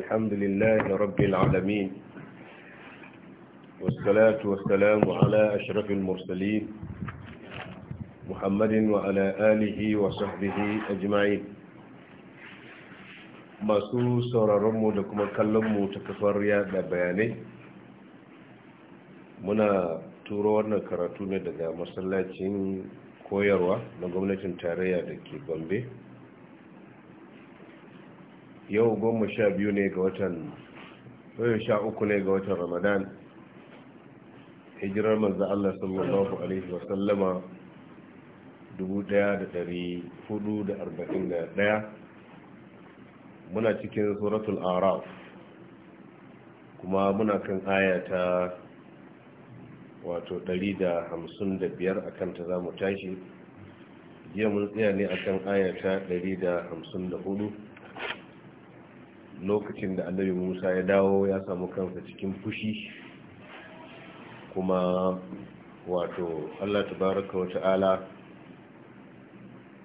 الحمد لله رب العالمين والصلاة والسلام على أشرف المرسلين محمد وعلى آله وصحبه أجمعين masu sauraronmu da kuma kallonmu ta kafar yada bayanai muna turo wannan karatu ne daga masallacin koyarwa na gwamnatin tarayya da ke gombe yau goma sha biyu ne ga watan yau sha uku ne ga watan ramadan hijirar manzan Allah sallallahu alaihi wasallama 1441 muna cikin suratul araf kuma muna kan hamsin da wato 155 kanta ta zamu tashi jiya mun tsaya ne da hamsin da 154 lokacin da annabi musa ya dawo ya samu kansa cikin fushi kuma wato allah baraka wa ta'ala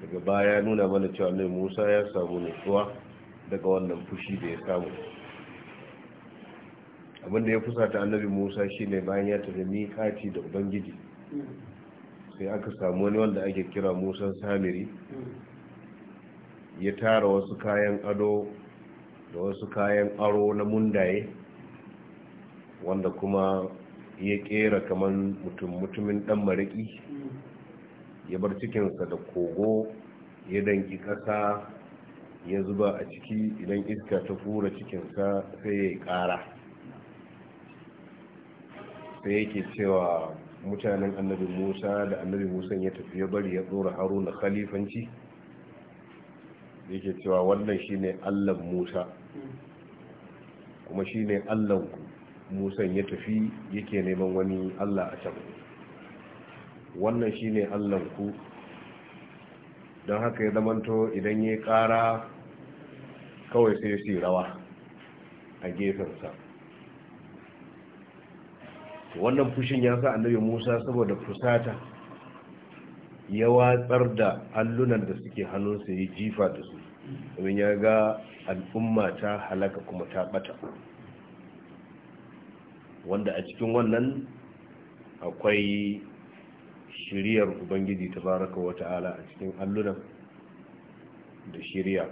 daga baya nuna mana cewa annabi musa ya samu nutsuwa daga wannan fushi da ya samu abinda ya fusata annabi musa shine bayan ya tafi kati da ubangiji sai aka samu wani wanda ake kira musa samiri ya tara wasu kayan ado da wasu kayan aro na mundaye wanda kuma ya kera kamar mutum-mutumin dan mariki ya bar cikinsa da kogo ya danki ƙasa ya zuba a ciki idan iska ta kura cikinsa sai ya ƙara sai yake cewa mutanen annabi musa da annabi musa ya tafi ya bari ya tsora haruna khalifanci yake cewa wannan shine Allah Musa kuma shine Allah Musa ya tafi yake neman wani Allah a can wannan shine Allah ku don haka ya zamanto idan ya kara kawai sai su rawa a gefensa wannan fushin ya sa annabi Musa saboda fusata ya watsar da allunan da suke hannunsa ya jifa da su domin ya ga al'umma ta halaka kuma ta bata wanda a cikin wannan akwai shiriyar ubangiji ta baraka wata'ala a cikin allunan da shiriya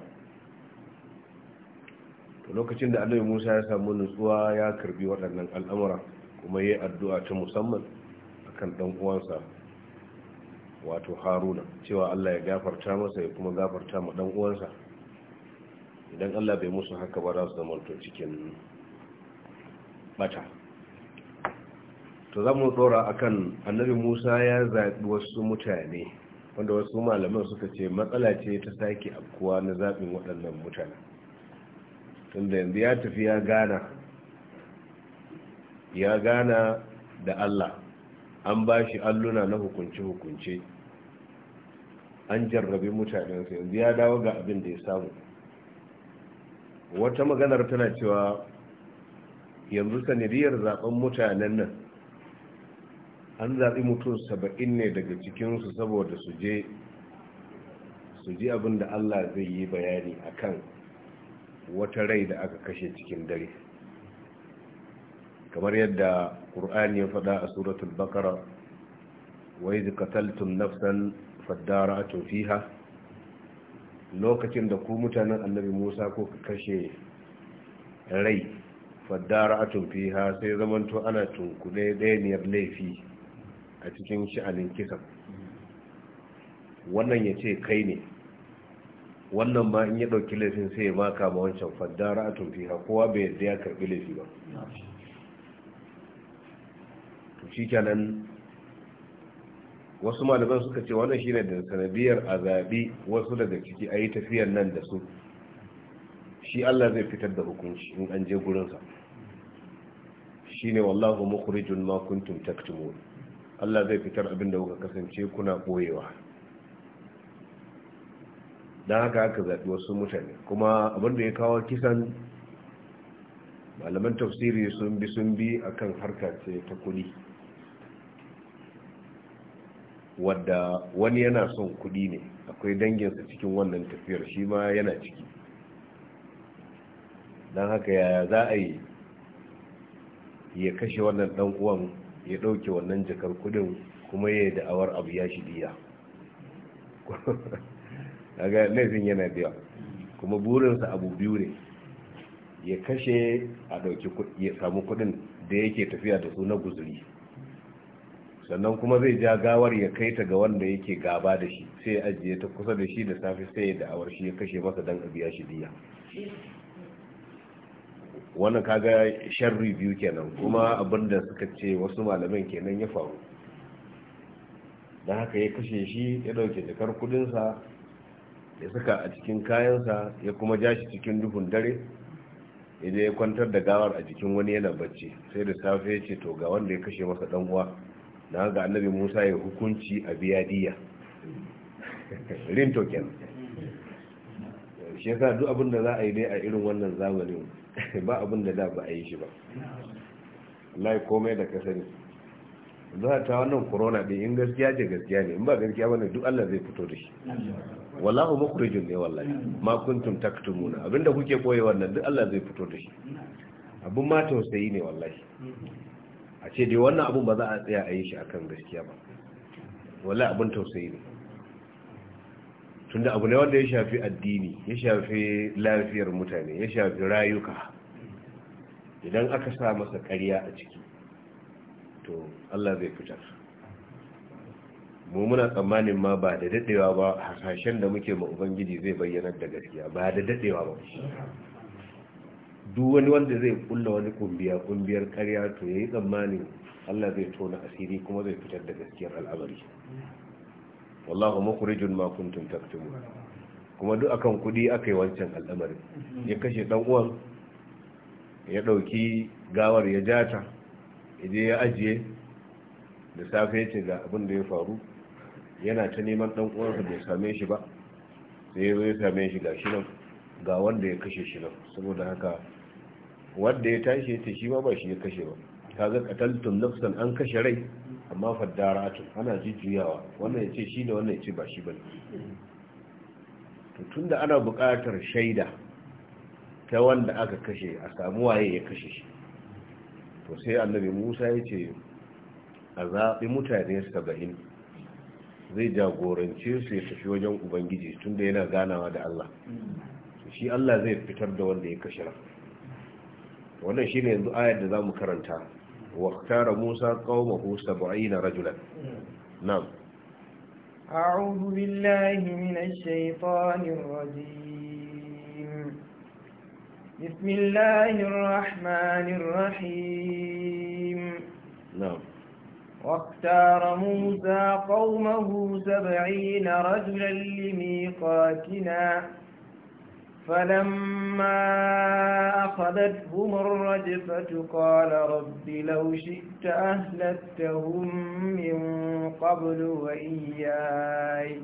lokacin da annabi musa ya samu nutsuwa ya karbi waɗannan al'amura kuma ya addu'a ta musamman akan ɗan uwansa wato haruna cewa allah ya gafarta masa ya kuma gafarta ma dan uwansa idan allah bai musu haka ba za su zama to cikin bata to za mu dora akan annabi musa ya zaɓi wasu mutane wanda wasu malaman suka ce matsala ce ta sake abkuwa na zaɓin waɗannan mutane tunda yanzu ya tafi ya gana ya gana da allah an ba shi alluna na hukunce-hukunce an jarrabe mutanensa yanzu ya dawo ga abin da ya samu wata maganar tana cewa yanzu sanadiyar zaben mutanen nan an zaɓi mutum saba'in ne daga cikinsu saboda su je ji abin da allah zai yi bayani a kan wata rai da aka kashe cikin dare kamar yadda ƙur'ani ya faɗa a suratul bakara wai zikataltun nafsan faddara fiha lokacin da ku mutanen annabi musa ko ka kashe rai faddara fiha sai zamanto ana tunkuɗe ɗayaniyar laifi a cikin sha'anin kisan wannan ya ce kai ne wannan ma in ya ɗauki laifin sai ya maka ma wancan faddara fiha kowa bai yadda ya karɓi laifi ba shi kenan wasu malaman suka ce wannan shine da sanadiyar azabi wasu daga ciki ayi tafiyar nan da su shi Allah zai fitar da hukunci in an je gurinsa shine wallahu mukhrijun ma kuntum Allah zai fitar abin da kuka kasance kuna boyewa don haka aka zaɓi wasu mutane kuma abin da ya kawo kisan malaman tafsiri sun bi sun bi akan harka ce ta kuɗi wadda wani yana son kuɗi ne akwai danginsa cikin wannan tafiyar shi ma yana ciki don haka yaya za a yi ya kashe wannan dan uwan ya dauke wannan jakar kuɗin kuma ya yi da'awar abu ya shi diya daga laifin yana biya kuma burinsa abu biyu ne ya kashe a ɗauki ya samu kuɗin da yake tafiya da su na guzuri sannan kuma zai ja gawar ya kai ta ga wanda yake gaba da shi sai ya ajiye ta kusa da shi da safe sai ya da'awar shi ya kashe masa dan a biya shi diya wannan kaga shan biyu kenan kuma abinda suka ce wasu malamin kenan ya faru da haka ya kashe shi ya dauke jakar kudinsa ya saka a cikin kayansa ya kuma ja shi cikin duhun dare ya ya kwantar da gawar a jikin wani yana bacci sai da safe ya ce to ga wanda ya kashe masa dan uwa na ga annabi musa ya hukunci a biya rinto kenan shi yasa duk abin da za a yi dai a irin wannan zamanin ba abin da da ba a yi shi ba Allah komai da kasari za ta wannan corona din in gaskiya ce gaskiya ne in ba gaskiya bane duk Allah zai fito da shi wallahu mukhrijun ne wallahi ma kuntum taktumuna abinda kuke koyi wannan duk Allah zai fito da shi abun ma tausayi ne wallahi a ce dai wannan abun ba za a tsaya a yi shi akan gaskiya ba wala abin tausayi ne tunda abu ne wanda ya shafi addini ya shafi lafiyar mutane ya shafi rayuka idan aka sa masa ƙarya a ciki to Allah zai fitar mu muna tsammanin ma ba da dadewa ba hasashen da muke ma ubangiji zai bayyana da gaskiya ba da dadewa ba duk wani wanda zai kulla wani kumbiya kumbiyar karya to yayi tsammanin Allah zai tona asiri kuma zai fitar da gaskiyar al'amari wallahu mukhrijun ma kuntum kuma duk akan kudi akai wancan al'amarin ya kashe dan uwan ya dauki gawar ya jata ya ya ajiye da safe ya ce ga abin da ya faru yana ta neman dan uwansa bai same shi ba sai ya same shi ga shi nan ga wanda ya kashe shi nan saboda haka wanda ya tashi ya shi ma ba shi ya kashe ba ka ga kataltun nafsan an kashe rai amma faddaratun ana jujjuyawa wannan ya ce shi da wannan ya ce ba shi ne. to tunda ana buƙatar shaida ta wanda aka kashe a samu waye ya kashe shi to sai annabi Musa ya ce a zaɓi mutane saba'in zai jagorance su ya tafi wajen ubangiji tunda yana ganawa da Allah shi Allah zai fitar da wanda ya kashe rai wannan shi ne yanzu ayar da za mu karanta wa tara musa kawo saba'ina rajulan nan a'udhu billahi minash shaitanir rajim bismillahir rahmanir rahim na'am wa tara musa qaumahu 70 rajulan limiqatina فلما أخذتهم الرجفة قال رب لو شئت أهلكتهم من قبل وإياي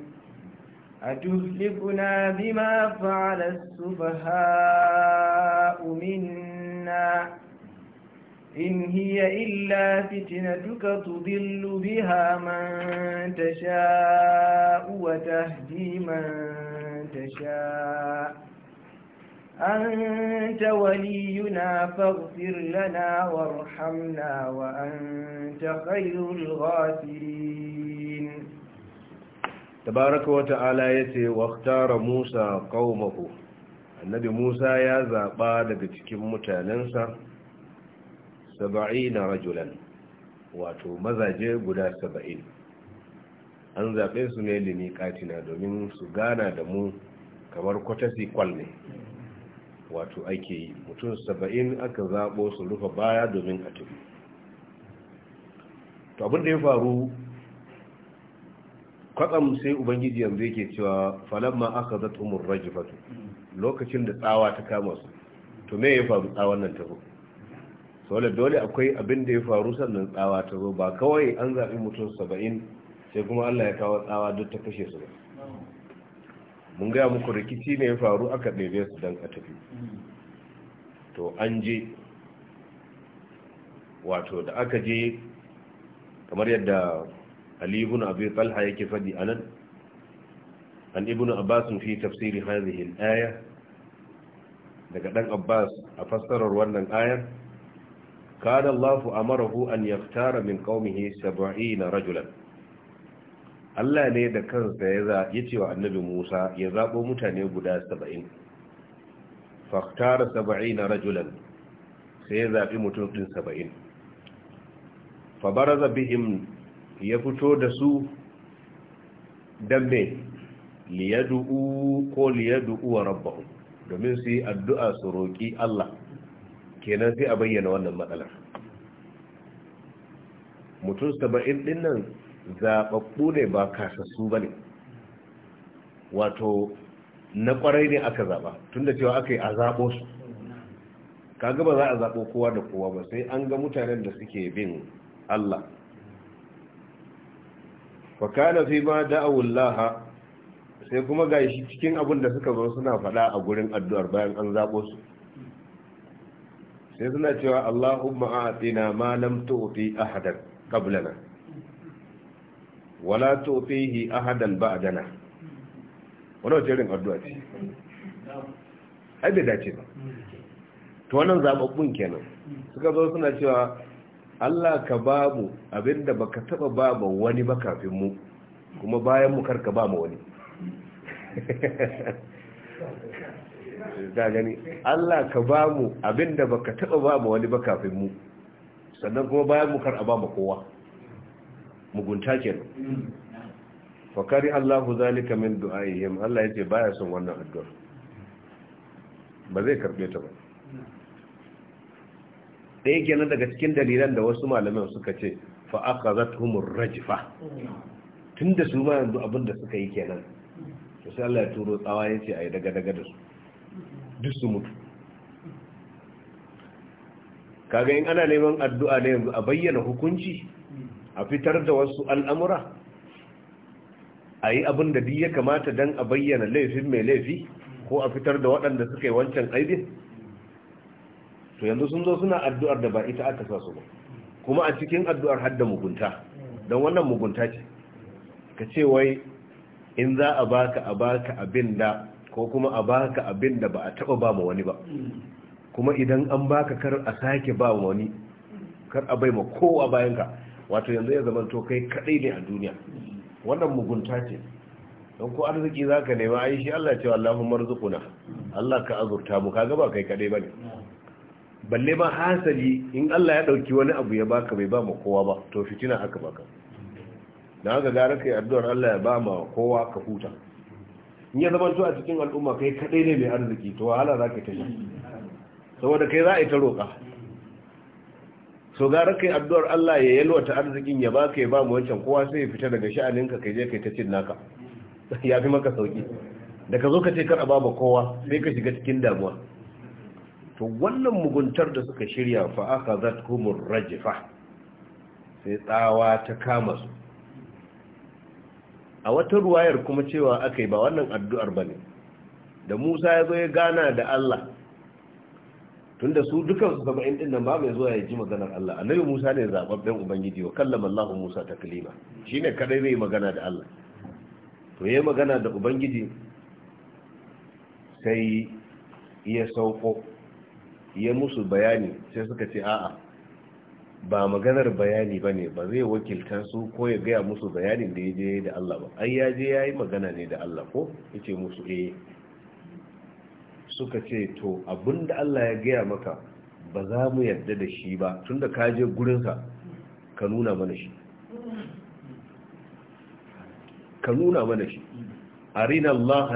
أتهلكنا بما فعل السفهاء منا إن هي إلا فتنتك تضل بها من تشاء وتهدي من تشاء أنت ولينا فاغفر لنا وارحمنا وأنت خير الغافرين تبارك وتعالى يتي واختار موسى قومه النبي موسى يا زابا daga cikin سبعين رجلا rajulan wato mazaje guda 70 an zaɓe su ne limiƙatina domin su gana da mu kamar kwatasi kwal ne wato ake yi mutum saba'in aka zaɓo su rufe baya domin a tafi to abin da ya faru kwatsam sai ubangiji yanzu yake cewa falamma aka zata umar fatu lokacin da tsawa ta kama su to me ya faru tsawon nan ta zo saboda dole akwai abin da ya faru sannan tsawa ta zo ba kawai an zaɓi mutum saba'in sai kuma allah ya kawo tsawa duk ta kashe su ba mun gaya muku rikici ne ya faru aka ɗebe su don a tafi to an je wato da aka je kamar yadda ali ibn abi talha yake faɗi anan an ibn abbas fi tafsiri hadhihi al-aya daga dan abbas a fassarar wannan ayar kada allah amarahu an yaftara min qaumihi 70 rajulan Allah ne da kansa ya ce wa annabi Musa ya zaɓo mutane guda saba'in Faktar saba'in na rajulan sai ya zaɓi mutum ɗin saba'in fabaraza bihim ya fito da su dambe liyadu'u ko liyadu'u wa rabba'u, domin su yi addu'a su roƙi Allah kenan sai a bayyana wannan matsalar mutum saba'in ɗin nan zaɓaɓɓu ne ba kasassu ba ne wato na ƙwarai ne aka zaɓa tun da cewa aka yi a zaɓo su kaga ba za a zaɓo kowa da kowa ba sai an ga mutanen da suke bin Allah fakana fi ma da'awullaha sai kuma ga shi cikin abin da suka zo suna faɗa a gurin addu'ar bayan an zaɓo su sai suna cewa Allahumma a'tina ma lam tu'ti ahadan qablana wala tufihi ahadan ba'dana wala wace irin addu'a ce ai bai dace ba to wannan zababbun kenan suka zo suna cewa Allah ka babu abinda baka taba babu wani ba kafin mu kuma bayan mu karka ba mu wani da gani Allah ka ba mu abinda baka taba ba wani ba kafin mu sannan kuma bayan mu kar a ba kowa mugunta ke nan fakari Allahu zalika min du'ayihim Allah yace baya son wannan addu'a ba zai karbe ta ba ɗaya kenan daga cikin dalilan da wasu malaman suka ce fa akhadathumur rajfa tunda su ma yanzu abin da suka yi kenan to sai Allah ya turo tsawa yace ayi daga daga da su duk su mutu kaga in ana neman addu'a ne yanzu a bayyana hukunci a fitar da wasu al'amura a yi abin da ya kamata don a bayyana laifin mai laifi ko a fitar da waɗanda suka yi wancan aibin to yanzu sun zo suna addu'ar da ba ita aka su ba kuma a cikin addu'ar hadda mugunta don wannan mugunta ce ka ce wai in za a baka a baka abin da ko kuma a baka abin da ba a taɓa ba ma wani ba kuma idan an baka kar a sake ba wani kar a bai ma kowa bayanka wato yanzu ya zama to kai kadai ne a duniya wannan mugunta ce don ko arziki za ka nema ai shi Allah ce Allahumma marzuquna Allah ka azurta mu kaga ba kai kadai bane balle ba hasali in Allah ya dauki wani abu ya baka bai ba ma kowa ba to fitina ba baka dan haka gara kai addu'ar Allah ya ba ma kowa ka huta in ya zama to a cikin al'umma kai kadai ne mai arziki to wahala za ka saboda kai za a yi ta roƙa so gara kai addu'ar Allah ya yalwata arzikin ya baka ya ba mu wancan kowa sai ya fita daga sha'aninka kai je kai ta cin naka ya fi maka sauki da ka zo ka ce kar a baba kowa sai ka shiga cikin damuwa to wannan muguntar da suka shirya fa aka zat kumur rajifa sai tsawa ta kama su a wata ruwayar kuma cewa aka yi ba wannan addu'ar ba ne da musa ya zo ya gana da allah tunda su dukan su saba'in din nan ba mai zuwa ya ji maganar Allah annabi Musa ne zababben ubangiji wa kallama Allah Musa taklima shine kadai zai magana da Allah to yayi magana da ubangiji sai ya sauko ya musu bayani sai suka ce a'a ba maganar bayani ba ne ba zai wakilta su ko ya gaya musu bayanin da ya je da Allah ba ai ya je ya yi magana ne da Allah ko ya ce musu eh suka ce to abinda Allah ya gaya maka ba za mu yarda da shi ba tunda ka je gurinsa ka nuna mana shi ka nuna mana shi arina Allah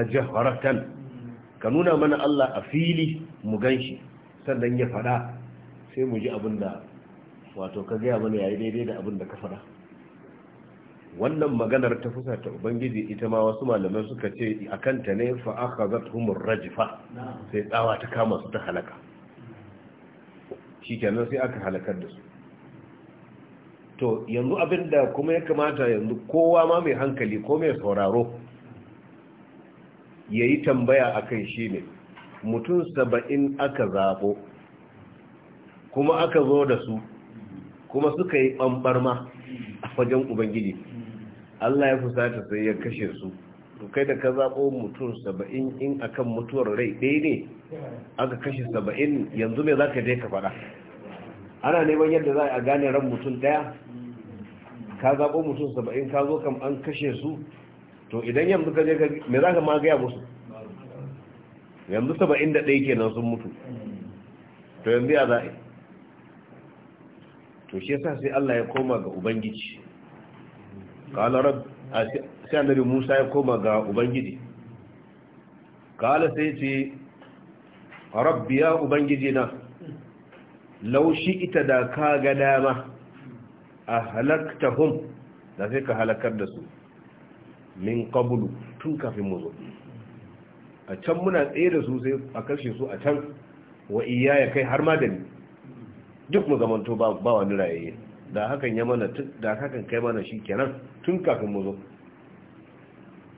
ka nuna mana Allah a fili mu gan shi sannan ya fada sai mu ji abinda wato ka gaya mana yayi daidai da abinda ka fada wannan maganar ta fusa ta ubangiji ita ma wasu malamai suka ce a kanta ne fa'akazathumur rajfa sai tsawa ta kama su ta halaka kenan sai aka halakar da su to yanzu abin da kuma ya kamata yanzu kowa ma mai hankali ko mai sauraro ya yi tambaya a kan shi ne mutum saba'in aka zaɓo kuma aka zo da su kuma suka yi ɓamɓarma a fajen ubangiji Allah ya fusata sai ya kashe su to kai da ka zaɓo mutum saba'in in akan mutuwar rai ɗaya ne aka kashe saba'in yanzu me zaka je ka faɗa ana neman yadda za a gane ran mutum ɗaya ka zaɓo mutum saba'in ka zo kam an kashe su to idan yanzu ka je me za ka ma gaya musu yanzu saba'in da ɗaya kenan sun mutu to yanzu ya zai to shi yasa sai Allah ya koma ga ubangiji qala rabb sai annabi Musa ya koma ga ubangiji qala sai ce rabbi ya ubangiji na laushi ita da ka ga dama a halaktahum da sai ka halakar da su min qablu tun kafin mu zo a can muna tsaye da su sai a karshe su a can wa iya ya kai har ma da ni duk mu zamanto ba wani rayayye da hakan ya mana da hakan kai mana shi kenan tun kafin mu zo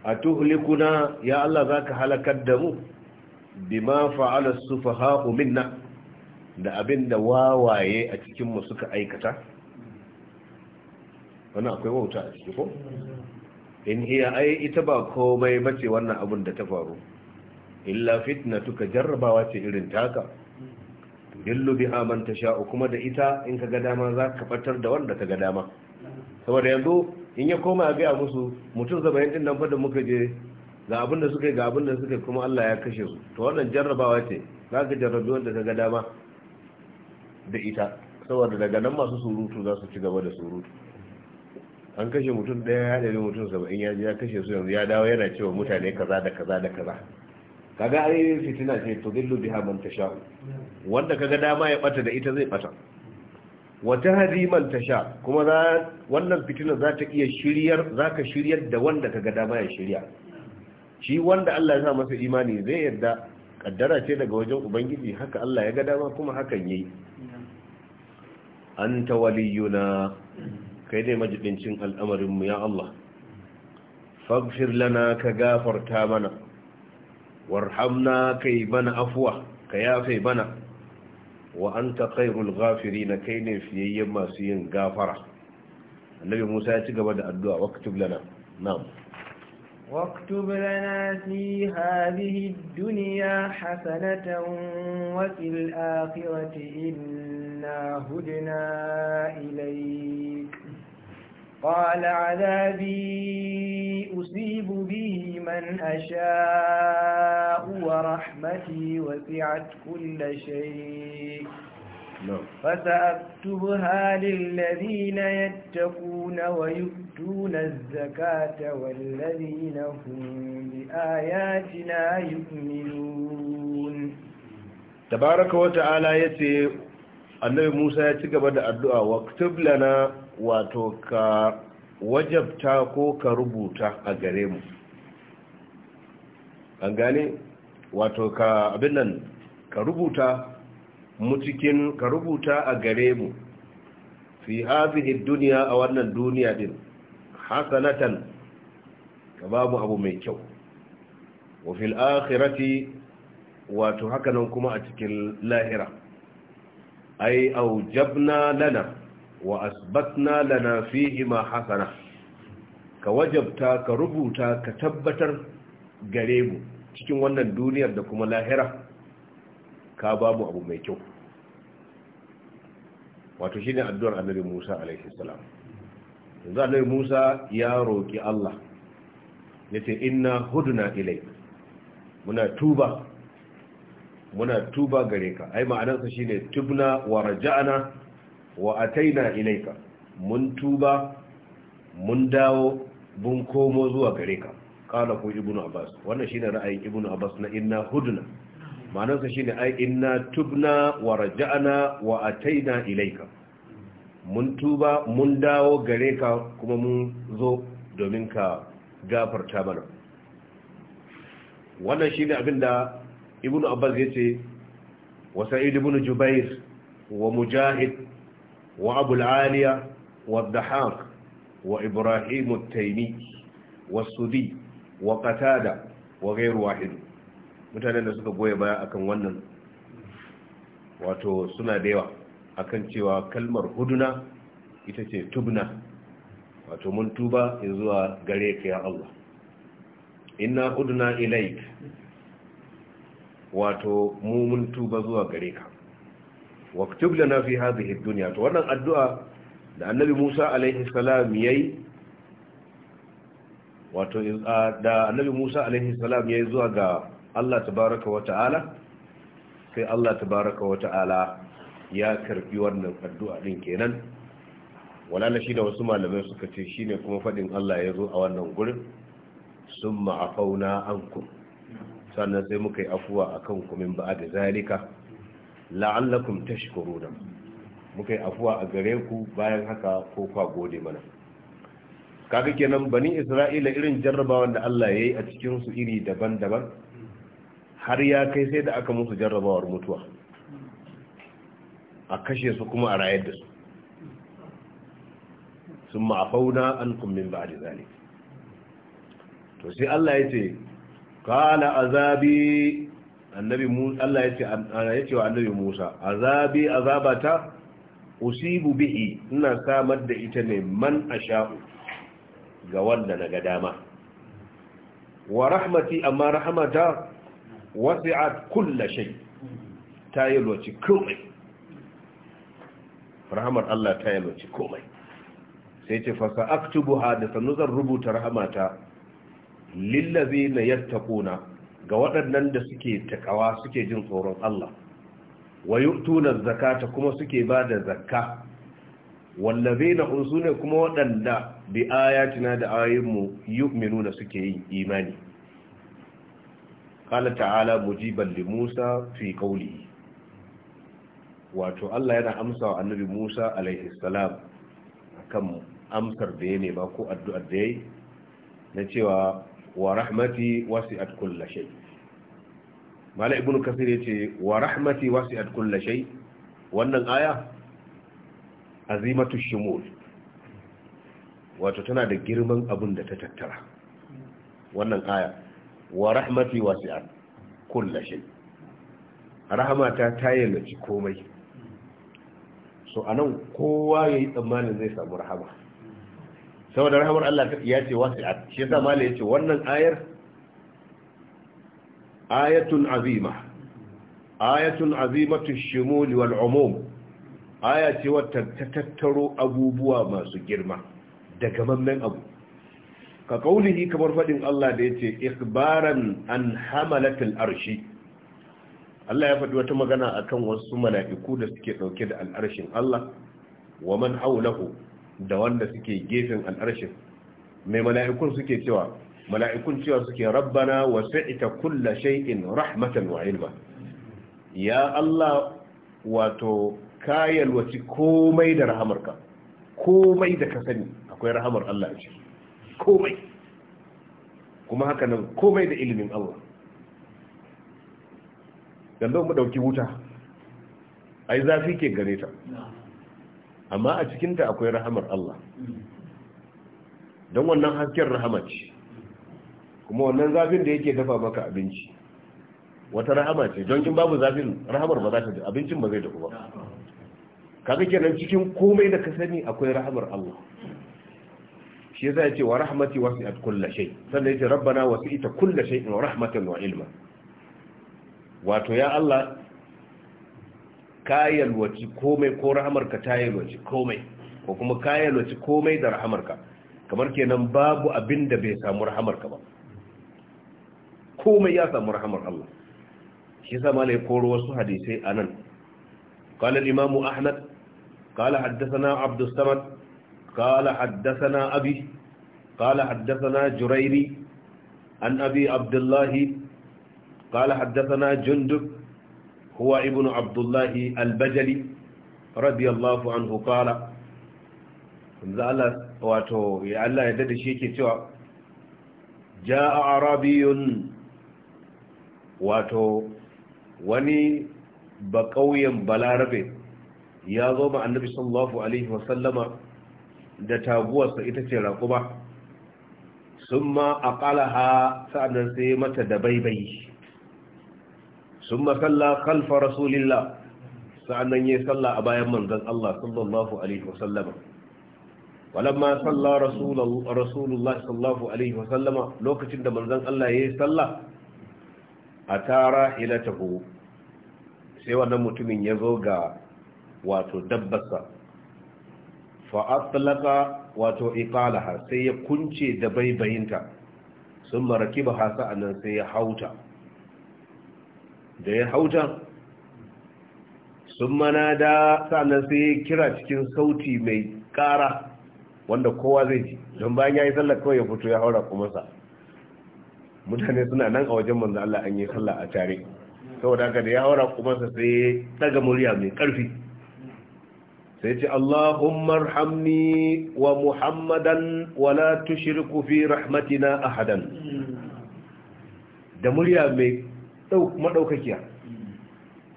a tuhlikuna ya Allah zaka halakar da mu bima fa'ala sufaha'u minna da abinda wawaye a cikin mu suka aikata wannan akwai wauta a ciki ko in hiya ai ita ba komai bace wannan abin da ta faru illa fitnatuka jarrabawa ce irin taka yullu bi man sha'u kuma da ita in kaga dama za ka fatar da wanda ka ga dama saboda yanzu in ya koma ga musu mutum zaba yin nan fa da muka je ga abin da suka yi ga abin da suka yi kuma Allah ya kashe su to wannan jarrabawa ce za ka jarrabi wanda ga dama da ita saboda daga nan masu surutu za su ci gaba da surutu an kashe mutum ɗaya ya ɗari mutum saba'in ya ya kashe su yanzu ya dawo yana cewa mutane kaza da kaza da kaza kaga ai fitina ce to dillu biha man tasha'u wanda kaga dama ya bata da ita zai bata wata hadiman ta sha kuma wannan fitina za ta iya shiryar za ka shiryar da wanda kaga dama ya shirya shi wanda Allah ya sa masa imani zai yarda kaddara ce daga wajen ubangiji haka Allah ya ga dama kuma hakan yayi anta waliyuna kai dai majidincin al'amarin mu ya Allah faghfir lana ka gafarta mana warhamna kai bana afwa ka yafe bana wa an ta khairul ghafiri na kai ne fiyayyen masu yin gafara annabi musa ya ci gaba da addu'a waktub lana na'am lana لنا في هذه hasanatan حسنة وفي الآخرة إنا هدنا إليك قال عذابي أصيب به من أشاء ورحمتي وسعت كل شيء نعم. فسأكتبها للذين يتقون ويؤتون الزكاة والذين هم بآياتنا يؤمنون تبارك وتعالى يتي النبي موسى يتقبل الدعاء واكتب لنا wato ka wajabta ko ka rubuta a gare mu an gane wato ka abin nan ka rubuta mu cikin ka rubuta a gare mu fi hafihi duniya a wannan duniya din hasanatan ka babu abu mai kyau wa fil akhirati wato hakanan kuma a cikin lahira ai aujabna lana wa asbatna lana fihi ma hasana ka wajabta ka rubuta ka tabbatar gare mu cikin wannan duniyar da kuma lahira ka ba mu abu mai kyau wato shine addu'ar annabi Musa alaihi salam yanzu annabi Musa ya roki Allah yace inna huduna ilayka muna tuba muna tuba gare ka ai ma'anarsa shine tubna wa raja'na wa ataina ilaika mun tuba mun dawo bun komo zuwa gare ka kala ko ibnu abbas wannan shine ra'ayin ibnu abbas na inna hudna sa shine ai inna tubna wa raja'na wa ataina ilaika mun tuba mun dawo gare ka kuma mun zo domin ka gafarta mana wannan shine abinda ibnu abbas yace wa sa'id ibn jubair wa mujahid وأبو العالية wa وإبراهيم التيمي والسدي وقتادة وغير واحد mutanen da suka goya baya akan wannan suna da yawa akan cewa kalmar huduna ita ce tubna wato mun tuba zuwa gare ka ya Allah inna huduna ilaik mu mun tuba zuwa gare ka waktub lana fi hadhihi ad-dunya to wannan addu'a da annabi Musa alaihi salam yayi wato da annabi Musa alaihi salam yayi zuwa ga Allah tabaaraka wa ta'ala sai Allah tabaaraka wa ta'ala ya karbi wannan addu'a din kenan wala na shi da wasu malamai suka ce shine kuma fadin Allah ya zo a wannan gurin summa afauna ankum sannan sai muka yi afuwa akan ku min ba'da zalika la'allakum tashkuruna muke afuwa a gare ku bayan haka ko kwa gode mana kaga kenan bani isra'ila irin jarrabawan da Allah yayi a cikin su iri daban-daban har ya kai sai da aka musu jarrabawar mutuwa a kashe su kuma a rayar da su sun ma'afauna an kummin ba da to sai Allah ya ce kala azabi annabi Musa Allah yace yace wa annabi Musa azabi azabata usibu bihi ina samar da ita ne man asha'u ga wanda naga dama wa rahmati amma rahmata wasi'at kulla shay ta yalwaci komai rahmat Allah ta yalwaci komai sai ce fa sa'aktubuha da sanuzar rubuta rahmata lillazina yattaquna ga waɗannan da suke takawa suke jin tsoron Allah wa yu'tuna zakata kuma suke ba da zakka wallazina unsune kuma waɗanda bi ayatina da ayoyinmu yu'minuna suke yin imani qala ta'ala mujiban li Musa fi qawlihi wato Allah yana amsa wa annabi Musa alaihi salam kan amsar da ya ba ko addu'ar da yayi na cewa wa rahmati wasi'at kulli shay mala ibnu kasir yace wa rahmati wasi'at kulli shay wannan aya azimatu shumul wato tana da girman abin da ta tattara wannan aya wa rahmati wasi'at kulli shay rahmata ta ci komai so anan kowa yayi tsammanin zai samu rahama saboda rahamar Allah ya ce wasi'at shi yasa mala yace wannan ayar ayatun azima ayatun azimatu shumul wal umum aya ce wata ta tattaro abubuwa masu girma da gamammen abu ka kaulihi kamar fadin Allah da yace ikbaran an hamalatul arshi Allah ya faɗi wata magana akan wasu mala'iku da suke dauke da al'arshin Allah wa man haulahu da wanda suke gefen al'arshin mai mala'ikun suke cewa mala'ikun cewa suke rabbana wa sa'ita kulla shay'in rahmatan wa ilma ya Allah wato kayan wace komai da rahamarka komai da ka sani akwai rahamar Allah ce komai kuma haka nan komai da ilimin Allah yanzu mu dauki wuta ai zafi ke gare ta amma a cikinta akwai rahamar Allah don wannan hasken rahama ce kuma wannan zafin da yake dafa maka abinci wata rahama ce don in babu zafin rahamar ba za ta abincin ba zai dafa ba kaga kenan cikin komai da ka sani akwai rahamar Allah shi yasa yace wa rahmati wasi'at kulli shay sannan yace rabbana wasi'ta kulli shay'in wa rahmatan wa ilma wato ya Allah ka yalwaci komai ko rahamarka ta yalwaci komai ko kuma ka yalwaci komai da rahamarka kamar kenan babu abin da bai samu rahamarka ba komai ya samu rahamar Allah shi sama ne koro wasu hadisai a nan قال الإمام أحمد قال haddasana عبد الصمد قال حدثنا أبي قال حدثنا جريري عن أبي عبد الله قال هو ابن عبد الله البجلي رضي الله عنه قال الله واتو يا الله يدد شيكي تيوا جاء عربي واتو وني بقويا بلاربي ya zo ma annabi sallallahu alaihi wasallama da taguwarsa ita ce raƙuba sun ma a ƙalaha sa'adar sai mata da baibai Sun صلى خلف رسول الله sa’annan ya salla a bayan manzan Allah sallallahu Alaihi wasallama. Walamma salla Rasulullah sallallahu Alaihi wasallama lokacin da manzan Allah ya yi salla a tara ila taho sai wannan mutumin ya zo ga wato dabbasa. Fa’aɗalaka wato iƙalaha sai ya kunce da baibayinta, sun marakiba hasa’annan sai ya hauta. da ya hauta sun mana da sa'annan sai kira cikin sauti mai ƙara wanda kowa zai ji don bayan ya yi sallar kawai ya fito ya haura kuma sa mutane suna nan a wajen manzan Allah an yi sallah a tare saboda haka da ya haura kuma sa sai daga murya mai ƙarfi sai ce Allahumma arhamni wa Muhammadan wa la tushriku fi rahmatina ahadan da murya mai madaukakiya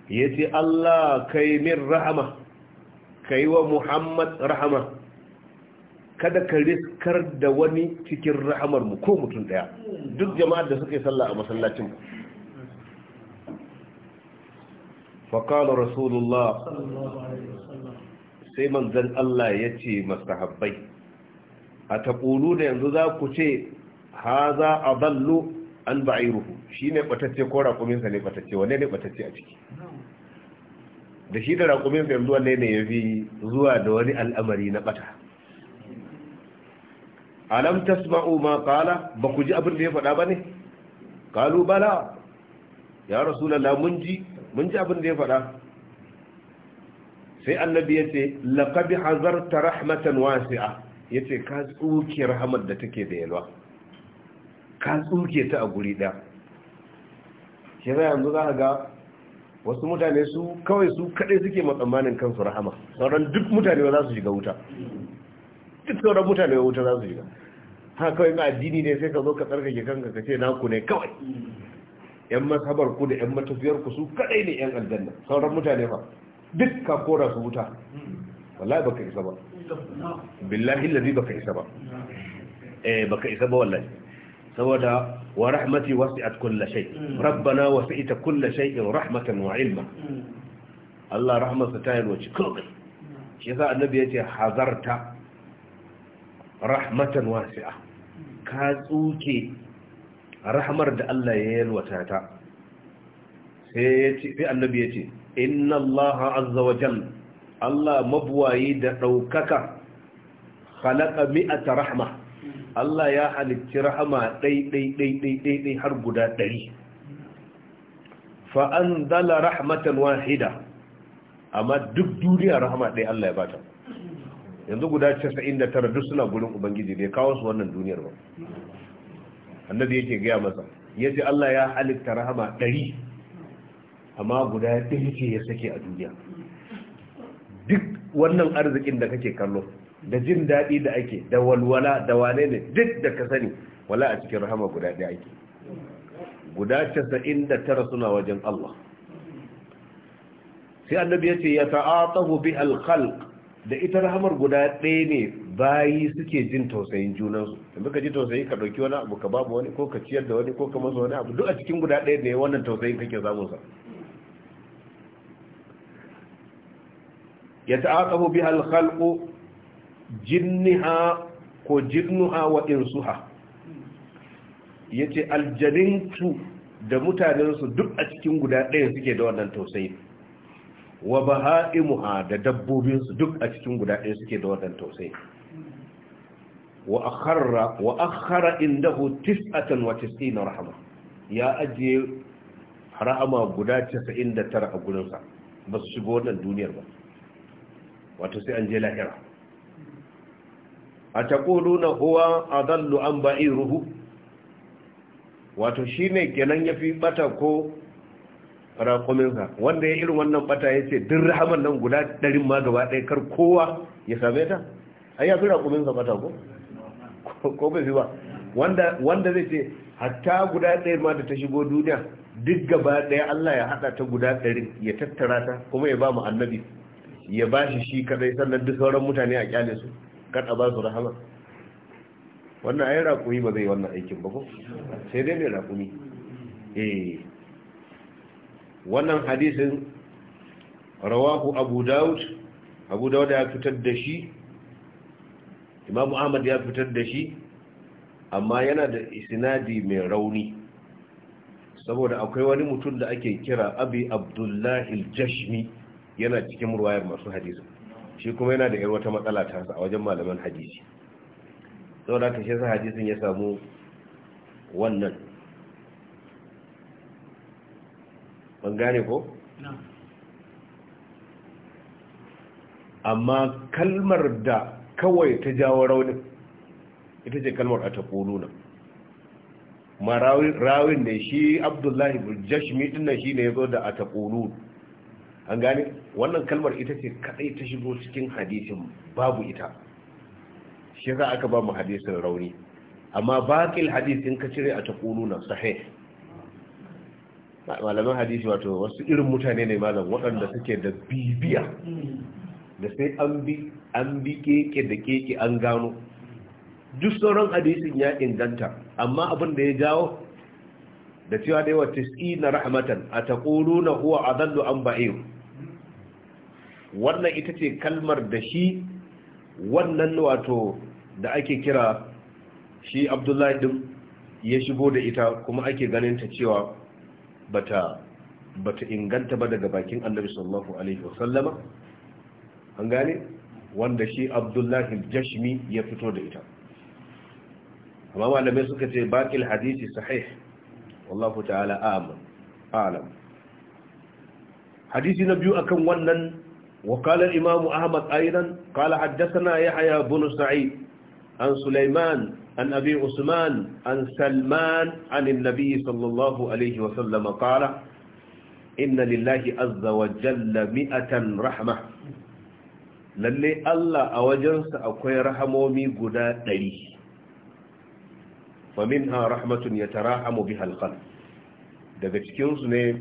yace Allah kai min rahama kai wa Muhammad rahama kada ka riskar da wani cikin rahamar mu ko mutum daya duk jama'ar da suka yi sallah a masallacin fa qala rasulullah sai manzan Allah yace masahabbai a taqulu da yanzu za ku ce haza zallu. an ba'iruhu shine batacce ko raƙumin ne batacce wane ne batacce a ciki da shi da raƙumin yanzu wanne ne yafi zuwa da wani al'amari na bata alam tasma'u ma qala ba ku ji abin da ya faɗa ba ne qalu bala ya rasulullah mun ji mun ji abin da ya faɗa sai annabi ya ce laqad hazarta rahmatan wasi'a yace ka tsuki rahmat da take da yalwa ka tsuke ta a guri ɗaya shi zai yanzu za a ga wasu mutane su kawai su kaɗai suke matsammanin kansu rahama sauran duk mutane ba za su shiga wuta duk sauran mutane ba wuta za su shiga ha kawai ma addini ne sai ka zo ka tsarkake kanka ka ce naku ne kawai yan masabar ku da yan matafiyar ku su kaɗai ne yan aljanna sauran mutane ba duk ka kora su wuta wallahi baka isa ba billahi lazi baka isa ba eh baka isa ba wallahi saboda wa rahmati wasi'at kulla shay mm. rabbana wasi'ta kulla shay'in rahmatan wa ilma mm. Allah rahmatu ta yalwaci komai mm. shi yasa annabi yace hazarta rahmatan wasi'a ka tsuke rahmar da Allah ya yalwata ta sai yace sai annabi yace inna Allah azza wa jalla Allah mabuwayi da daukaka khalaqa mi'ata rahma Allah ya halicci rahama ɗai ɗai ɗai ɗai har guda ɗari fa'an dala rahmatan wahida amma duk duniya rahama ɗai Allah ya bata yanzu guda 99 duk suna gurin ubangiji ne kawo su wannan duniyar ba annabi yake gaya masa ya ce Allah ya halitta rahama ɗari amma guda ɗaya ya sake a duniya duk wannan arzikin da kake kallo da jin daɗi da ake da walwala da wane ne duk da ka sani wala a cikin rahama guda ɗaya ake guda casa'in da tara suna wajen Allah sai annabi ya ce ya ta'atahu bi alkhalq da ita rahamar guda ɗaya ne bayi suke jin tausayin junansu da ka ji tausayi ka ɗauki wani abu ka babu wani ko ka ciyar da wani ko ka masa wani abu duk a cikin guda ɗaya ne wannan tausayin kake samunsa ya ta'atahu bi alkhalq jinniha ko jinnuha wa insuha yace aljanintu da mutanensu duk a cikin guda ɗaya suke da wannan tausayi wa baha'imuha da dabbobinsu duk a cikin guda ɗaya suke da wannan tausayi wa akhara wa akhara indahu tis'atan wa tis'ina rahama ya ajiye rahama guda 99 a gurinsa ba su shigo wannan duniyar ba wato sai an je lahira a taƙoluna huwa a zallu an ba'i ruhu wato shi ne kenan ya fi bata ko rakuminsa wanda ya irin wannan bata ya ce duk rahaman nan guda ɗarin ma gaba ɗaya kar kowa ya same ta a ya fi rakuminsa bata ko ko bai fi ba wanda zai ce hatta guda ɗaya ma da ta shigo duniya duk gaba ɗaya Allah ya haɗa ta guda ɗarin ya tattara ta kuma ya ba mu annabi ya ba shi shi kadai sannan duk sauran mutane a kyale su kan a ba su rahama wannan ayi raƙumi ba zai wannan aikin ba ko sai dai mai raƙumi eh wannan hadisin rawahu abu daud abu daud ya fitar da shi imamu ahmad ya fitar da shi amma yana da isnadi mai rauni saboda akwai wani mutum da ake kira abi abdullahi jashmi yana cikin ruwayar masu hadisin shi kuma yana da yar wata matsala ta a wajen malaman hadisi da ta shi hadisin ya samu wannan ban gane ko? amma kalmar da kawai ta jawo raunin ita ce kalmar a taƙuluna ma rawin da shi abdullahi burjashmi dinnan shi ne ya zo da a taƙulun an gane wannan kalmar ita ce kadai ta shigo cikin hadisin babu ita shi za aka ba mu hadisin rauni amma baƙil hadisin ka cire a na sahih malaman hadisi wato wasu irin mutane ne malam waɗanda suke da bibiya da sai an bi an bi keke da keke an gano duk sauran hadisin ya inganta amma abin da ya jawo da cewa da yawa tis'i na rahmatan a na huwa adallu an ba'iru wannan ita ce kalmar da shi wannan wato da ake kira shi abdullahi din ya shigo da ita kuma ake ganin ta cewa bata bata inganta ba daga bakin annabi sallallahu alaihi wasallama an gane wanda shi abdullahi jashmi ya fito da ita amma malamai suka ce bakil hadisi sahih wallahu ta'ala alam hadisi na biyu akan wannan وقال الإمام أحمد أيضا قال حدثنا يحيى بن سعيد عن سليمان عن أبي عثمان عن سلمان عن النبي صلى الله عليه وسلم قال إن لله عز وجل مئة رحمة lalle Allah a wajensa akwai rahamomi guda ɗari famin ha rahmatun ya tara biha alƙal daga cikinsu ne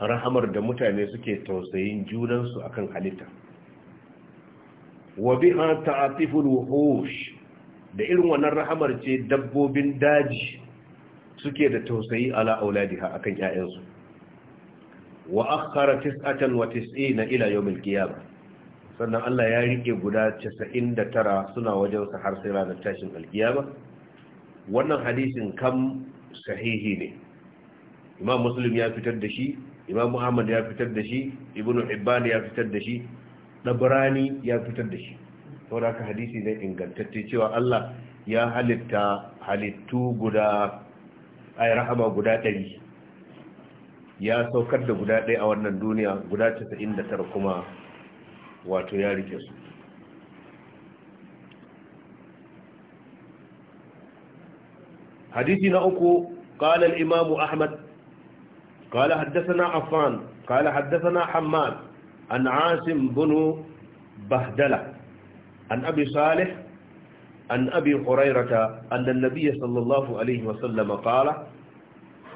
rahamar da mutane suke tausayin junansu akan halitta wa biha ta'atiful wuhush da irin wannan rahamar ce dabbobin daji suke da tausayi ala auladiha akan ƴaƴansu wa akhara tis'ina ila al qiyamah sannan Allah ya rike guda 99 suna wajen sa har sai ranar tashin al-qiyamah wannan hadisin kam sahihi ne imam muslim ya fitar da shi imam muhammad ya fitar da shi Ibn hibban ya fitar da shi dabrani ya fitar da shi saboda haka hadisi ne ingantacce cewa Allah ya halitta halittu guda ay rahama guda 100 ya saukar da guda ɗaya a wannan duniya guda 99 kuma wato ya rike su hadisi na uku قال الإمام أحمد قال حدثنا عفان قال حدثنا حماد عن عاصم بن بهدلة عن أبي صالح عن أبي هريرة أن النبي صلى الله عليه وسلم قال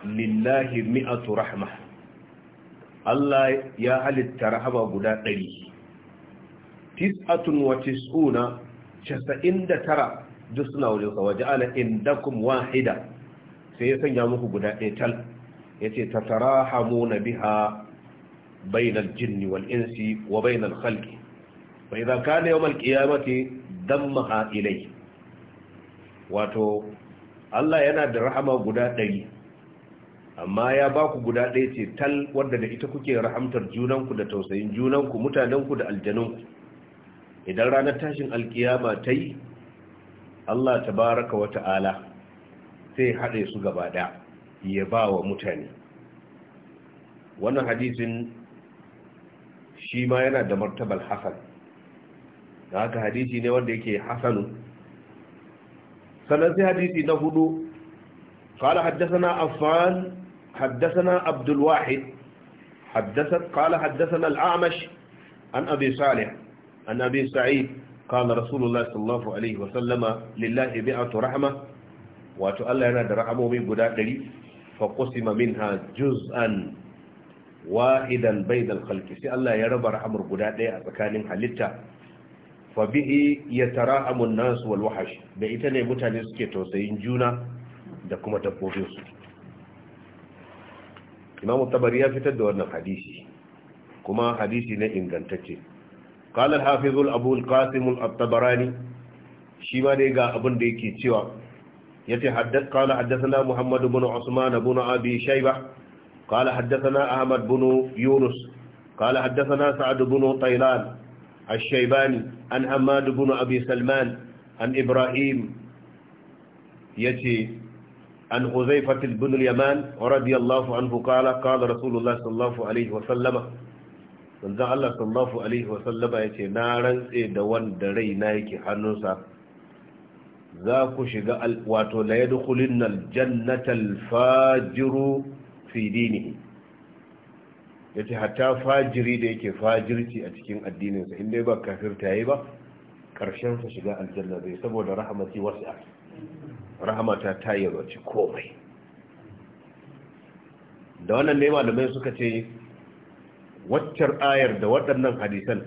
لله مئة رحمة الله يا أهل الترحمة بلا قليل تسعة وتسعون شسئن ترى جسنا وليس وجعل عندكم واحدة سيسن يامه بلا قتل yace tatarahamuna biha bainal jinni wal insi wa bainal khalqi fa idza kana yawm al qiyamati dammaha ilay wato Allah yana da rahama guda ɗari amma ya ba ku guda ɗaya ce tal wadda da ita kuke rahamtar junanku da tausayin junanku mutanenku da aljanunku idan ranar tashin alkiyama ta yi Allah baraka wata ala sai haɗe su gaba ɗaya ya ba wa mutane wannan hadisin shi ma yana da martabar hasan da haka hadisi ne wanda yake hasanu sannan sai hadisi na hudu قال حدثنا عفان حدثنا عبد الواحد حدثت قال حدثنا الأعمش عن أبي صالح عن أبي سعيد قال رسول الله صلى الله عليه وسلم لله بيعة رحمة واتو الله ينادى رحمه من قداء دليل فقسم منها جزءا واحدا بين الخلق سي الله يا رب رحمر غدا داي a tsakanin halitta fabihi yatara'amu an-nas wal wahash da ita ne mutane suke tausayin juna da kuma dabbobin su Imam Tabari ya fitar da wannan hadisi kuma hadisi ne ingantacce qala al-hafiz al-abu al-qasim dai ga abin da yake cewa يتي حدث قال حدثنا محمد بن عثمان بن أبي شيبة قال حدثنا أحمد بن يونس قال حدثنا سعد بن طيلان الشيباني عن حماد بن أبي سلمان عن إبراهيم يتي عن حذيفة بن اليمان رضي الله عنه قال قال رسول الله صلى الله عليه وسلم manzan Allah sallallahu Alaihi wasallama ya ce na rantse da wanda rai na yake hannunsa za ku shiga wato la yadkhulunna aljannata alfajiru fi dinihi yace hatta fajiri da yake fajirci a cikin addininsa in dai ba kafirta yi ba karshen sa shiga aljanna zai saboda wasu wasi'a rahmata ta yarwaci komai da wannan ne malamai suka ce waccar ayar da waɗannan hadisan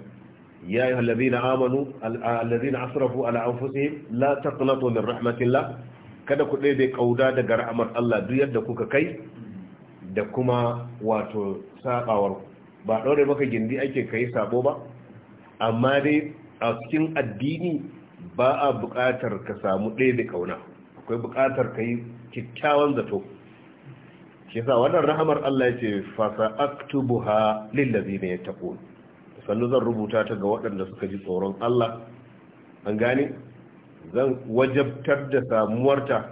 يا أيها الذين آمنوا الذين أسرفوا على أنفسهم لا تقنطوا من رحمة الله kada ku ɗaya kauda daga ra'amar Allah duk yadda kuka kai da kuma wato saƙawar. ba ɗaure maka gindi ake kai sabo ba amma dai a cikin addini ba a buƙatar ka samu ɗaya ƙauna. akwai buƙatar ka yi kyakkyawan zato shi yasa wannan rahamar Allah ya ce fasa ne ya taɓo. sannu zan rubuta ta ga waɗanda suka ji tsoron Allah an gane zan wajabtar da samuwarta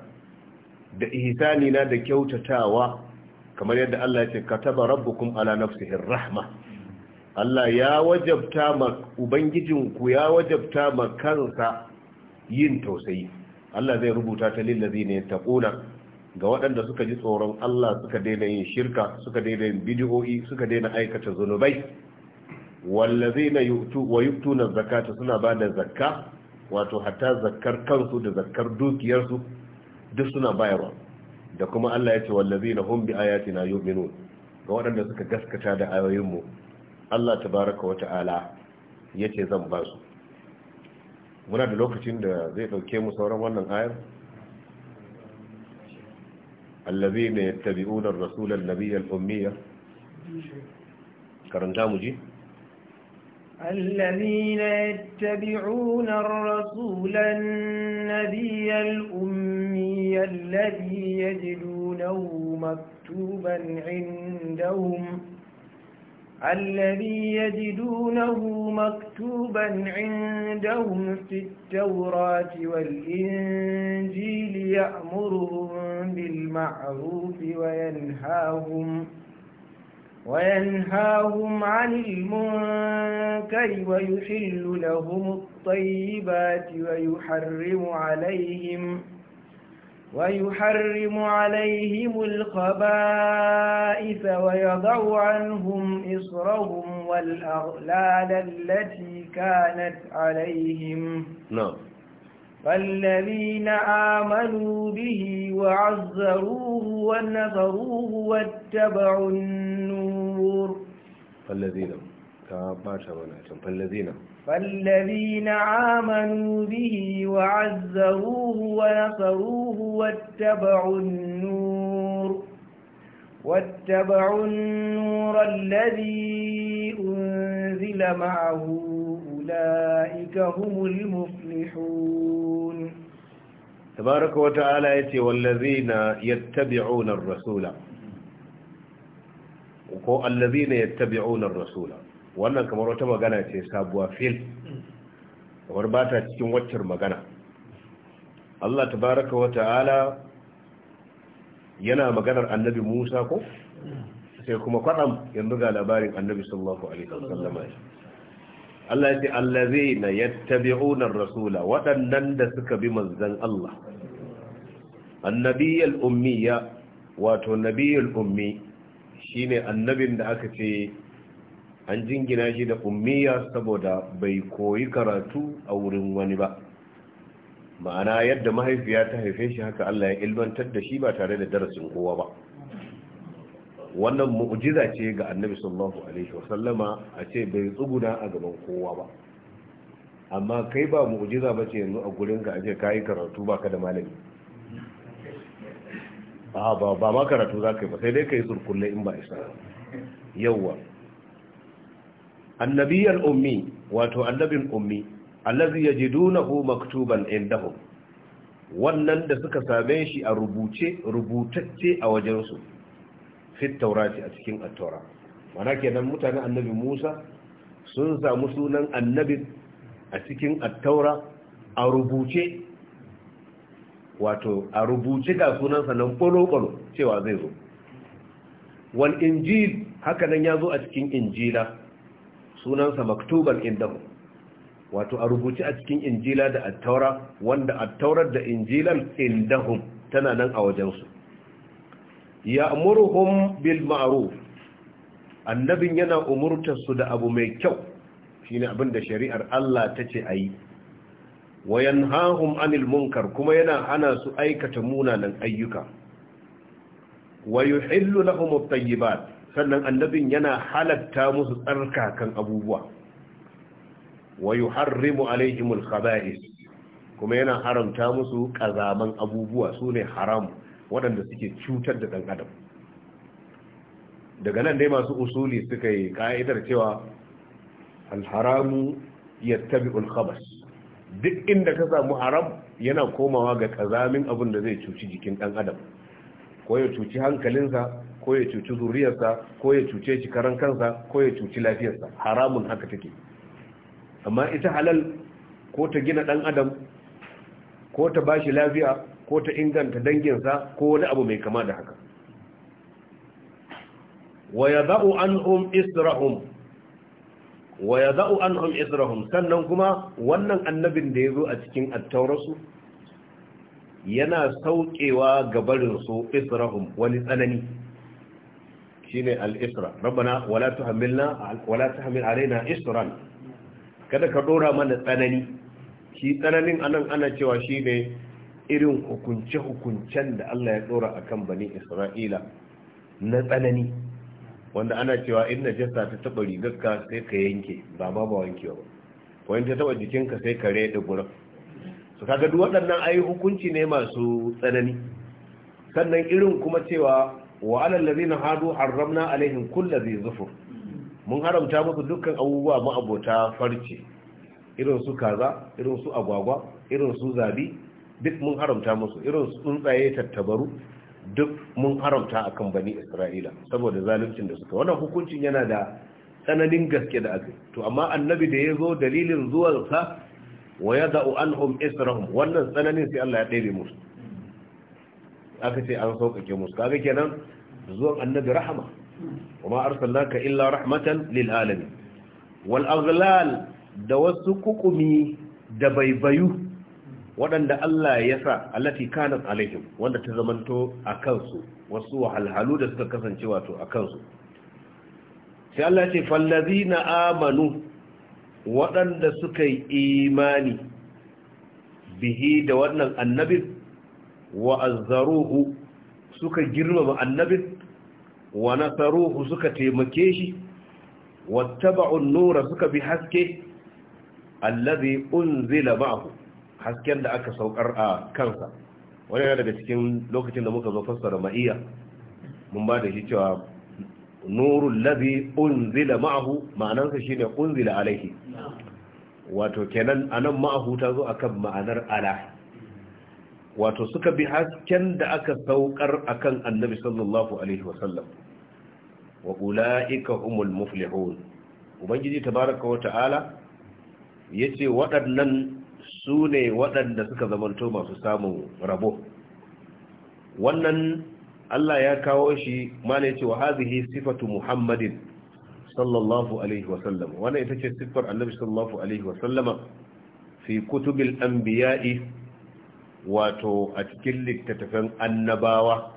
da ihsani na da kyautatawa kamar yadda Allah ya ce kataba rabbukum ala nafsihi rahma Allah ya wajabta ma ku ya wajabta ma kansa yin tausayi Allah zai rubuta ta lillazina yattaquna ga waɗanda suka ji tsoron Allah suka daina yin shirka suka daina yin bidiyo'i suka daina aikata zunubai wallazina yu'tu wa yu'tuna zakata suna ba da zakka wato hatta zakkar kansu da zakkar dukiyarsu duk suna bayarwa da kuma Allah ya ce wallazina hum bi na yuminu ga waɗanda suka gaskata da ayoyinmu Allah tabaraka wa ta'ala yace zan ba su muna da lokacin da zai dauke mu sauran wannan ayar allazina yattabi'una ar-rasula an-nabiyya al-ummiyya karanta mu ji الذين يتبعون الرسول النبي الأمي الذي يجدونه مكتوبا عندهم الذي يجدونه مكتوبا عندهم في التوراة والإنجيل يأمرهم بالمعروف وينهاهم وينهاهم عن المنكر ويحل لهم الطيبات ويحرم عليهم ويحرم عليهم الخبائث ويضع عنهم إصرهم والأغلال التي كانت عليهم نعم فالذين آمنوا به وعزروه ونظروه واتبعوا النور الزبور فالذين نعم. فالذين فالذين آمنوا به وعزروه ونصروه واتبعوا النور واتبعوا النور الذي أنزل معه أولئك هم المفلحون تبارك وتعالى يتي والذين يتبعون الرسول ko allazina yattabi'una ar-rasula wannan kamar wata magana ce sabuwa fil kamar ba ta cikin waccar magana Allah tabaraka wa ta'ala yana maganar annabi Musa ko sai kuma kwaɗam yanzu ga labarin annabi sallallahu alaihi wasallam Allah ya ce allazina yattabi'una ar-rasula waɗannan da suka bi manzon Allah annabiyul ummiya wato nabiyul ummi shine annabin da aka ce an jingina shi da ummiya saboda bai koyi karatu a wurin wani ba ma'ana yadda mahaifiya ta haife shi haka Allah ya ilmantar da shi ba tare da darasin kowa ba wannan mu'jiza ce ga annabi sallallahu alaihi wasallama a ce bai tsuguna a gaban kowa ba amma kai ba mu'jiza ba ce yanzu a ka a ce kayi karatu baka da malami Aa ba ba ma karatu za ka yi ba sai dai ka yi surkulle in ba isa yawwa annabiyar ummi wato annabin ummi allazi yajidunahu maktuban indahum wannan da suka same shi a rubuce rubutacce a wajensu fit taurati a cikin attaura mana kenan mutane annabi Musa sun samu sunan annabin a cikin attaura a rubuce wato a rubuce ga sunansa nan kwalo cewa zai zo wal injil haka nan ya zo a cikin injila sunansa maktuban indahu wato a rubuce a cikin injila da attaura wanda attaurar da injilan indahum tana nan a wajensu ya'muruhum bil ma'ruf annabin yana umurtar su da abu mai kyau shine abin da shari'ar Allah ta ce yi. Wayan yanhahum anil munkar kuma yana hana su aikata munanan ayyuka wa yuhillu lahum at sannan annabin yana halatta musu tsarkakan abubuwa wa yuharrimu alaihim khabais kuma yana haramta musu kazaman abubuwa sune haram waɗanda suke cutar da ɗan adam daga nan dai masu usuli suka yi ka'idar cewa alharamu yattabi'ul yattabi'u khabas duk inda ka samu haram yana komawa ga kazamin abin da zai cuci jikin ɗan adam ko ya cuci hankalinsa ko ya cuci zuriyarsa ko ya cuce shi karan kansa ko ya cuci lafiyarsa haramun haka take amma ita halal ko ta gina ɗan adam ko ta bashi lafiya ko ta inganta danginsa ko wani abu mai kama da haka wa yadha'u anhum isra'um wa yadau anhum izrahum sannan kuma wannan annabin da ya zo a cikin attaurasu yana saukewa ga su israhum wani tsanani shine al-isra rabbana wala tuhammilna wala tahmil alaina isran kada ka ɗora mana tsanani shi tsananin anan ana cewa shine irin hukunce-hukuncen da Allah ya a akan banin Isra'ila na tsanani wanda ana cewa in na jasa ta taba rigarka sai ka yanke ba ma ba wankewa ba ko in ta taba jikinka sai ka rede gurin su kaga duk waɗannan ayi hukunci ne masu tsanani sannan irin kuma cewa wa alal ladina hadu harramna alaihim kulle zai zufur mun haramta musu dukkan abubuwa abota farce irin su kaza irin su agwagwa irin su zabi duk mun haramta musu irin su tsuntsaye tattabaru duk mun haramta a kan bani isra'ila saboda zaluncin da suka wannan hukuncin yana da tsananin gaske da aka to amma annabi da ya zo dalilin zuwansa wa ya za'u anhum isra'um wannan tsananin sai Allah ya ɗebe musu aka ce an sauƙaƙe musu kaga kenan zuwan annabi rahama kuma arsalnaka illa rahmatan lil alamin wal aghlal da wasu kukumi da baibayu waɗanda Allah ya sa allati kanat alaihim wanda ta zamanto a kansu wasu wahalhalu da suka kasance wato a kansu sai Allah ce fallazina amanu waɗanda suka yi imani bihi da wannan annabin wa azzaruhu suka girmama annabin wa nasaruhu suka taimake shi wattaba'un nura suka bi haske allazi unzila ma'ahu hasken da aka saukar a kansa wani yana daga cikin lokacin da muka zo fassara ma'iya mun ba da shi cewa nurul ladhi unzila ma'ahu ma'anarsa shine unzila alaihi wato kenan anan ma'ahu ta zo akan ma'anar ala wato suka bi hasken da aka saukar akan annabi sallallahu alaihi wasallam wa ulaika humul muflihun ubangiji tabaraka wa ta'ala yace waɗannan su ne waɗanda suka zamanto masu samun rabo wannan Allah ya kawo shi mana ya ce wa hazihi sifatu muhammadin sallallahu alaihi wasallam wannan ita ce siffar annabi sallallahu alaihi wasallama fi kutubil anbiya'i wato a cikin littattafan annabawa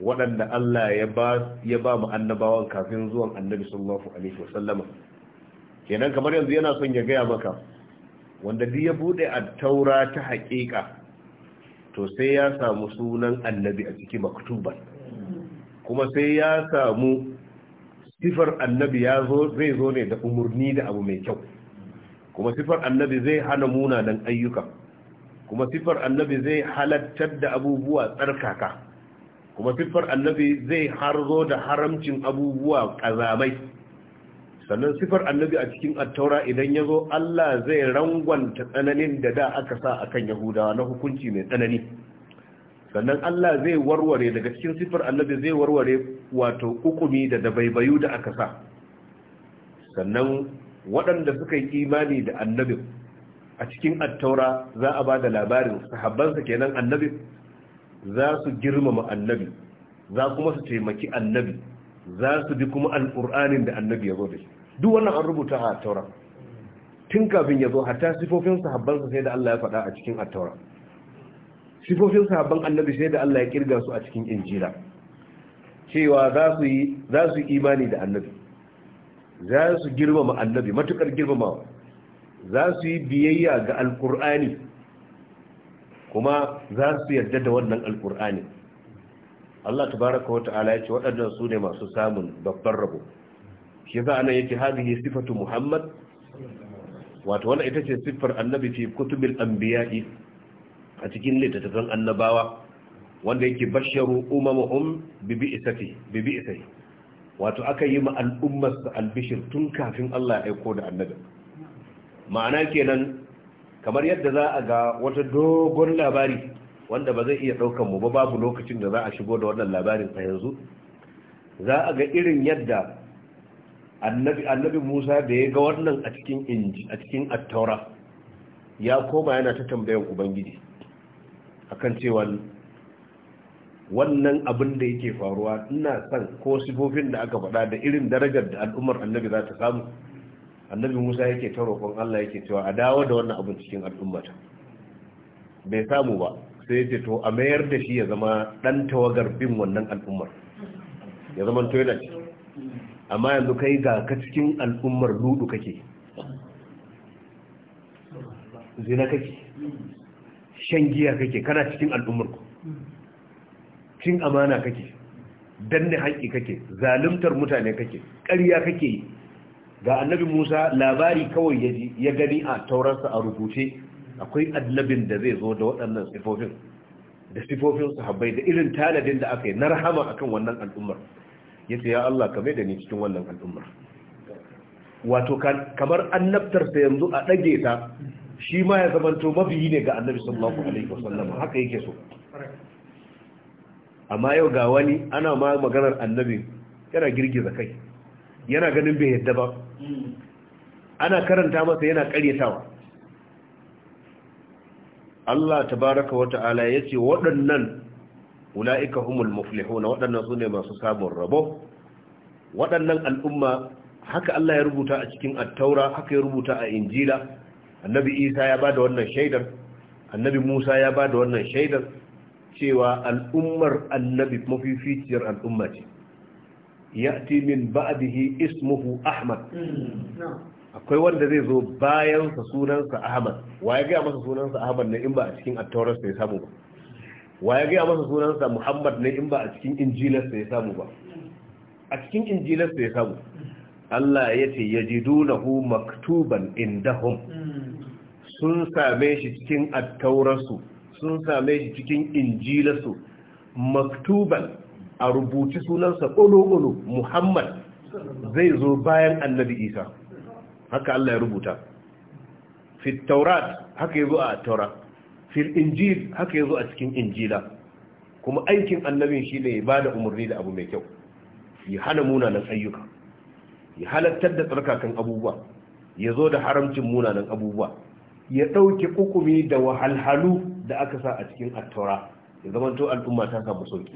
waɗanda Allah ya ba mu annabawan kafin zuwan annabi sallallahu alaihi wasallama kenan kamar yanzu yana son ya gaya maka wanda duk ya bude a taura ta haƙiƙa to sai ya samu sunan annabi a cikin maktuban kuma sai ya samu sifar annabi ya zo zai zo ne da umarni da abu mai kyau kuma sifar annabi zai hana munanan ayyuka kuma sifar annabi zai halattar da abubuwa tsarkaka kuma sifar annabi zai harzo da haramcin abubuwa ƙazamai sannan sifar annabi a cikin attaura idan ya zo Allah zai rangwanta tsananin da da aka sa a kan yahudawa na hukunci mai tsanani sannan Allah zai warware daga cikin sifar annabi zai warware wato hukumi da dabaibayu da aka sa sannan waɗanda suka yi imani da annabi a cikin attaura za a ba da labarin sahabbansa kenan annabi za su girmama annabi za kuma su taimaki annabi za su bi kuma alƙur'anin da annabi ya zo da shi duk wannan an rubuta a taura tun kafin ya zo hatta sifofin sahabbansa sai da Allah ya faɗa a cikin attaura sifofin sahabban annabi sai da Allah ya kirga su a cikin injila cewa za su yi imani da annabi za su girmama annabi matukar girmamawa za su yi biyayya ga alkur'ani kuma za su yarda da wannan alkur'ani Allah tabaraka wa ta'ala ya ce waɗannan su ne masu samun babban rabo shi za a nan yake hadhihi sifatu muhammad wato wannan ita ce siffar annabi fi kutubil anbiya'i a cikin littattafan annabawa wanda yake basharu umamuhum bi bi'isati bi isai wato aka yi ma al'ummar su albishir tun kafin Allah ya aiko da annabi ma'ana kenan kamar yadda za a ga wata dogon labari wanda ba zai iya ɗaukan mu ba babu lokacin da za a shigo da wannan labarin a yanzu za a ga irin yadda annabi annabi Musa da ya ga wannan a cikin inji a cikin attaura ya koma yana ta tambayan ubangiji akan cewa wannan abin da yake faruwa ina son ko sifofin da aka faɗa da irin darajar da al'ummar annabi za ta samu annabi Musa yake ta roƙon Allah yake cewa a dawo da wannan abin cikin al'ummata bai samu ba sai ce to a mayar da shi ya zama ɗan tawagar bin wannan al'ummar ya zama to yana cikin amma yanzu kai ga ka cikin al'ummar ludu kake zina kake shan giya kake kana cikin al'ummar ku cin amana kake danne haƙƙi kake zalimtar mutane kake ƙarya kake ga annabi musa labari kawai ya ji ya gani a taurarsa a rubuce akwai annabin da zai zo da waɗannan sifofin da sifofin sahabbai da irin tanadin da aka yi na rahama akan wannan al'ummar ya ce ya Allah ka da ni cikin wannan al'ummar wato kamar annabtarsa yanzu a ɗage ta shi ma ya zamanto mabiyi ne ga annabi sallallahu alaihi wasallam haka yake so amma yau ga wani ana ma maganar annabi yana girgiza kai yana ganin bai yadda ba ana karanta masa yana karyatawa Allah tabaraka wa ta'ala ce waɗannan ula'ika humul muflihuna waɗannan su ne masu samun rabo waɗannan al'umma haka Allah ya rubuta a cikin attaura haka ya rubuta a injila annabi isa ya ba da wannan shaidar annabi musa ya ba da wannan shaidar cewa al'ummar annabi ficiyar al'umma ce ya'ti min ba'dihi ismuhu ahmad mm, akwai wanda zai zo bayan sa sunansa ahmad wa ya ga masa sunansa ahmad ne in ba a cikin attaura sai samu ba wa ya gaya masa sunansa muhammad ne in ba a cikin injilarsa ya samu ba a cikin injilarsa ya samu Allah ya ce ya ji dunahu maktuban indahum sun same shi cikin attaurarsu sun same shi cikin injilarsu maktuban a rubuci sunansa ƙolo-ƙolo muhammad zai zo bayan annabi isa haka Allah ya rubuta fit taurat haka yazo zo a taurat fil injil haka yazo a cikin injila kuma aikin annabin shi ne ya bada umarni da abu mai kyau ya hana munanan ayyuka ya halattar da tsarkakan abubuwa ya zo da haramcin munanan abubuwa ya ɗauke hukumi da wahalhalu da aka sa a cikin attaura ya zama to al'umma ta samu sauki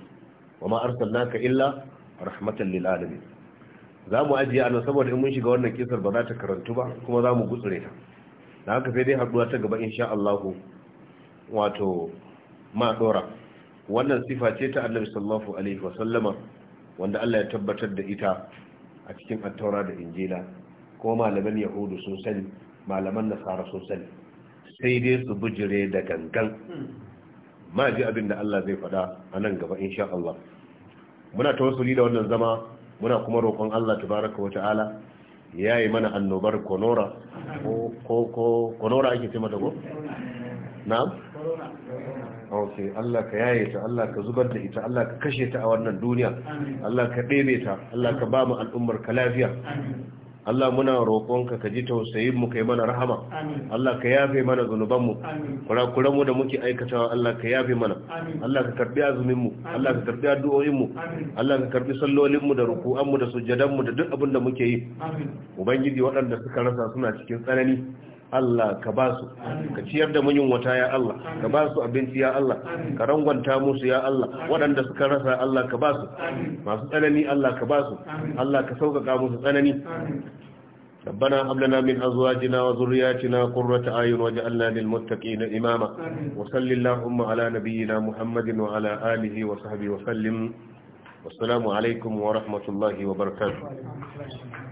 wa ma arsalnaka illa rahmatan lil alamin za mu ajiye nan saboda in mun shiga wannan kisar ba za ta karantu ba kuma za mu gutsure ta da haka sai dai haɗuwa ta gaba insha wato ma wannan sifa ce ta annabi sallallahu alaihi wasallama wanda Allah ya tabbatar da ita a cikin attaura da injila ko malaman yahudu sun sani malaman nasara sun sani sai dai su bujire da gangan ma ji abin da Allah zai faɗa a nan gaba insha Allah muna tawassuli da wannan zama muna kuma roƙon Allah tabaraka wa ta'ala ya yi mana annobar konora ko konora ake ce mata ko na'am Okay, Allah ka yaye ta Allah ka zubar da ita Allah ka kashe ta a wannan duniya Allah ka ɗebe ta Allah ka ba mu al'ummar ka lafiya Allah muna roƙonka ka ji tausayin mu kai mana rahama Allah ka yafe mana zunuban mu kurakuran mu da muke aikatawa Allah ka yafe mana Allah ka karbi azumin mu Allah ka karbi addu'o'in mu Allah ka karbi sallolin mu da ruku'an mu da sujjadan mu da duk abin da muke yi ubangiji waɗanda suka rasa suna cikin tsanani Allah ka ba su ka ciyar da wata ya Allah ka ba su abinci ya Allah ka rangwanta musu ya Allah waɗanda suka rasa Allah ka ba su masu tsanani Allah ka ba su Allah ka sauƙaƙa musu tsanani ربنا هب لنا من ازواجنا وذرياتنا قرة اعين واجعلنا للمتقين اماما وصل اللهم على نبينا محمد وعلى اله وصحبه وسلم والسلام عليكم ورحمة الله وبركاته